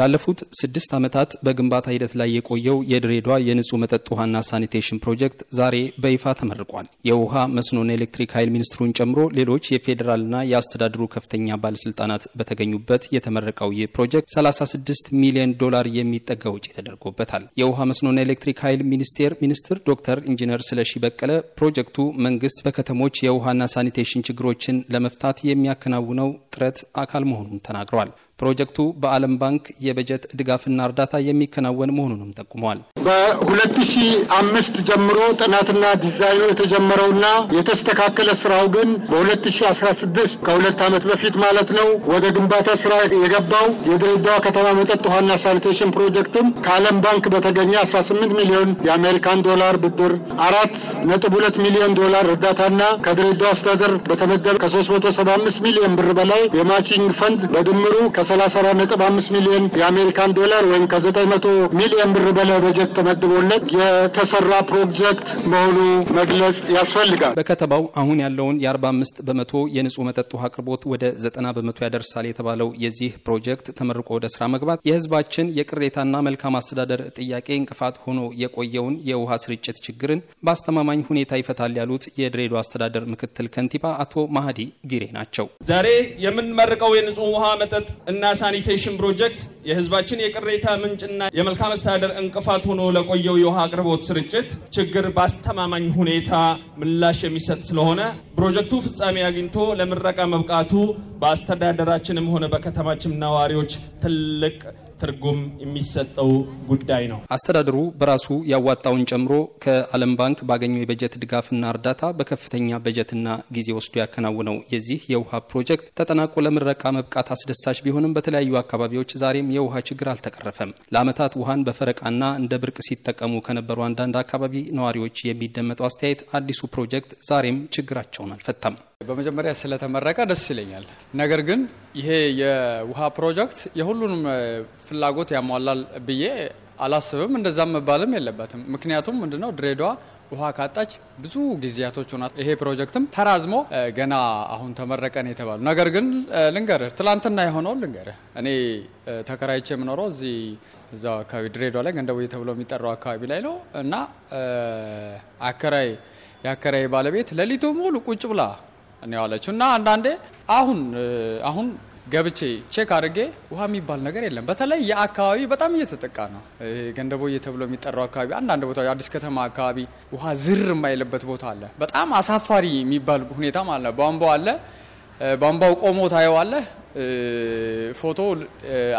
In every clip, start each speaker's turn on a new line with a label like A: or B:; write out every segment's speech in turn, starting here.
A: ላለፉት ስድስት ዓመታት በግንባታ ሂደት ላይ የቆየው የድሬዷ የንጹህ መጠጥ ውሃና ሳኒቴሽን ፕሮጀክት ዛሬ በይፋ ተመርቋል። የውሃ መስኖና ኤሌክትሪክ ኃይል ሚኒስትሩን ጨምሮ ሌሎች የፌዴራልና የአስተዳድሩ ከፍተኛ ባለስልጣናት በተገኙበት የተመረቀው ይህ ፕሮጀክት 36 ሚሊዮን ዶላር የሚጠጋ ውጪ ተደርጎበታል። የውሃ መስኖና ኤሌክትሪክ ኃይል ሚኒስቴር ሚኒስትር ዶክተር ኢንጂነር ስለሺ በቀለ ፕሮጀክቱ መንግስት በከተሞች የውሃና ሳኒቴሽን ችግሮችን ለመፍታት የሚያከናውነው ጥረት አካል መሆኑን ተናግረዋል። ፕሮጀክቱ በዓለም ባንክ የበጀት ድጋፍና እርዳታ የሚከናወን መሆኑንም ጠቁመዋል።
B: በ2005 ጀምሮ ጥናትና ዲዛይኑ የተጀመረውና የተስተካከለ ስራው ግን በ2016 ከሁለት ዓመት በፊት ማለት ነው ወደ ግንባታ ስራ የገባው የድሬዳዋ ከተማ መጠጥ ውሃና ሳኒቴሽን ፕሮጀክትም ከዓለም ባንክ በተገኘ 18 ሚሊዮን የአሜሪካን ዶላር ብድር፣ 4.2 ሚሊዮን ዶላር እርዳታና ከድሬዳዋ አስተዳደር በተመደበ ከ375 ሚሊዮን ብር በላይ የማቺንግ ፈንድ በድምሩ ከ34.5 ሚሊዮን የአሜሪካን ዶላር ወይም ከ900 ሚሊዮን ብር በላይ በጀት ተመድቦለት የተሰራ ፕሮጀክት መሆኑ መግለጽ ያስፈልጋል።
A: በከተማው አሁን ያለውን የ45 በመቶ የንጹህ መጠጥ ውሃ አቅርቦት ወደ 90 በመቶ ያደርሳል የተባለው የዚህ ፕሮጀክት ተመርቆ ወደ ስራ መግባት የህዝባችን የቅሬታና መልካም አስተዳደር ጥያቄ እንቅፋት ሆኖ የቆየውን የውሃ ስርጭት ችግርን በአስተማማኝ ሁኔታ ይፈታል ያሉት የድሬዳዋ አስተዳደር ምክትል ከንቲባ አቶ ማህዲ ጊሬ ናቸው። ዛሬ የምንመርቀው የንጹህ ውሃ መጠጥ እና ሳኒቴሽን ፕሮጀክት የህዝባችን የቅሬታ ምንጭና የመልካም አስተዳደር እንቅፋት ሆኖ ለቆየው የውሃ አቅርቦት ስርጭት ችግር በአስተማማኝ ሁኔታ ምላሽ የሚሰጥ ስለሆነ ፕሮጀክቱ ፍጻሜ አግኝቶ ለምረቃ መብቃቱ በአስተዳደራችንም ሆነ በከተማችን ነዋሪዎች ትልቅ ትርጉም የሚሰጠው ጉዳይ ነው። አስተዳደሩ በራሱ ያዋጣውን ጨምሮ ከዓለም ባንክ ባገኘው የበጀት ድጋፍና እርዳታ በከፍተኛ በጀትና ጊዜ ወስዶ ያከናውነው የዚህ የውሃ ፕሮጀክት ተጠናቆ ለምረቃ መብቃት አስደሳች ቢሆንም በተለያዩ አካባቢዎች ዛሬም የውሃ ችግር አልተቀረፈም። ለአመታት ውሃን በፈረቃና እንደ ብርቅ ሲጠቀሙ ከነበሩ አንዳንድ አካባቢ ነዋሪዎች የሚደመጠው አስተያየት አዲሱ ፕሮጀክት ዛሬም ችግራቸውን አልፈታም።
C: በመጀመሪያ ስለተመረቀ ደስ ይለኛል። ነገር ግን ይሄ የውሃ ፕሮጀክት የሁሉንም ፍላጎት ያሟላል ብዬ አላስብም። እንደዛም መባልም የለበትም። ምክንያቱም ምንድነው ድሬዳዋ ውሃ ካጣች ብዙ ጊዜያቶች ሆና ይሄ ፕሮጀክትም ተራዝሞ ገና አሁን ተመረቀን የተባሉ ነገር ግን ልንገርህ፣ ትላንትና የሆነውን ልንገርህ። እኔ ተከራይቼ የምኖረው እዚህ እዛው አካባቢ ድሬዳዋ ላይ ገንደቡ ተብሎ የሚጠራው አካባቢ ላይ ነው እና አከራይ የአከራይ ባለቤት ሌሊቱ ሙሉ ቁጭ ብላ ነው ያለችው እና አንዳንዴ አሁን አሁን ገብቼ ቼክ አድርጌ ውሃ የሚባል ነገር የለም። በተለይ የአካባቢ በጣም እየተጠቃ ነው። ገንደቦ ተብሎ የሚጠራው አካባቢ፣ አንዳንድ ቦታ አዲስ ከተማ አካባቢ ውሃ ዝር የማይለበት ቦታ አለ። በጣም አሳፋሪ የሚባል ሁኔታ ማለት ነው። ቧንቧ አለ። ቧንቧው ቆሞ ታየዋለህ። ፎቶ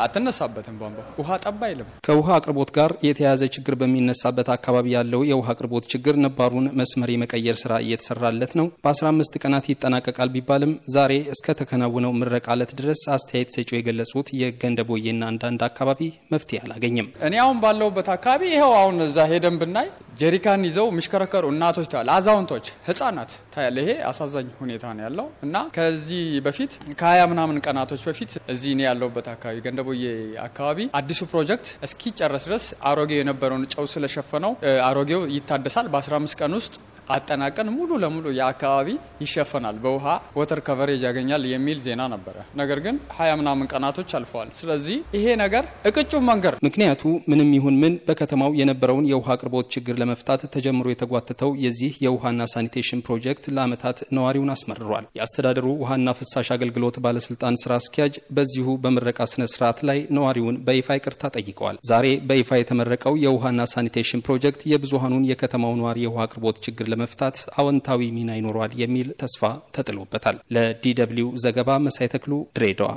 C: አትነሳበትም። ቧንቧ ውሃ ጠባ አይልም።
A: ከውሃ አቅርቦት ጋር የተያያዘ ችግር በሚነሳበት አካባቢ ያለው የውሃ አቅርቦት ችግር ነባሩን መስመር የመቀየር ስራ እየተሰራለት ነው። በ15 ቀናት ይጠናቀቃል ቢባልም ዛሬ እስከ ተከናውነው ምረቃለት ድረስ አስተያየት ሰጪው የገለጹት የገንደቦዬና አንዳንድ
C: አካባቢ መፍትሄ አላገኘም። እኔ አሁን ባለሁበት አካባቢ ይኸው አሁን እዛ ሄደን ብናይ ጀሪካን ይዘው የሚሽከረከሩ እናቶች ታያለ፣ አዛውንቶች፣ ህጻናት ታያለ። ይሄ አሳዛኝ ሁኔታ ነው ያለው እና ከዚህ በፊት ከሀያ ምናምን ቀናቶች በፊት እዚህ እኔ ያለሁበት አካባቢ ገንደቦዬ አካባቢ አዲሱ ፕሮጀክት እስኪጨረስ ድረስ አሮጌው የነበረውን ጨው ስለሸፈነው አሮጌው ይታደሳል በ15 ቀን ውስጥ አጠናቀን ሙሉ ለሙሉ የአካባቢ ይሸፈናል፣ በውሃ ወተር ከቨሬጅ ያገኛል የሚል ዜና ነበረ። ነገር ግን ሀያ ምናምን ቀናቶች አልፈዋል። ስለዚህ ይሄ ነገር
A: እቅጩ መንገድ ምክንያቱ ምንም ይሁን ምን በከተማው የነበረውን የውሃ አቅርቦት ችግር ለመፍታት ተጀምሮ የተጓተተው የዚህ የውሃና ሳኒቴሽን ፕሮጀክት ለዓመታት ነዋሪውን አስመርሯል። የአስተዳደሩ ውሃና ፍሳሽ አገልግሎት ባለስልጣን ስራ አስኪያጅ በዚሁ በምረቃ ስነ ስርዓት ላይ ነዋሪውን በይፋ ይቅርታ ጠይቀዋል። ዛሬ በይፋ የተመረቀው የውሃና ሳኒቴሽን ፕሮጀክት የብዙሀኑን የከተማው ነዋሪ የውሃ አቅርቦት ችግር ለመፍታት አዎንታዊ ሚና ይኖረዋል የሚል ተስፋ ተጥሎበታል። ለዲ ደብልዩ ዘገባ መሳይ ተክሉ ድሬዳዋ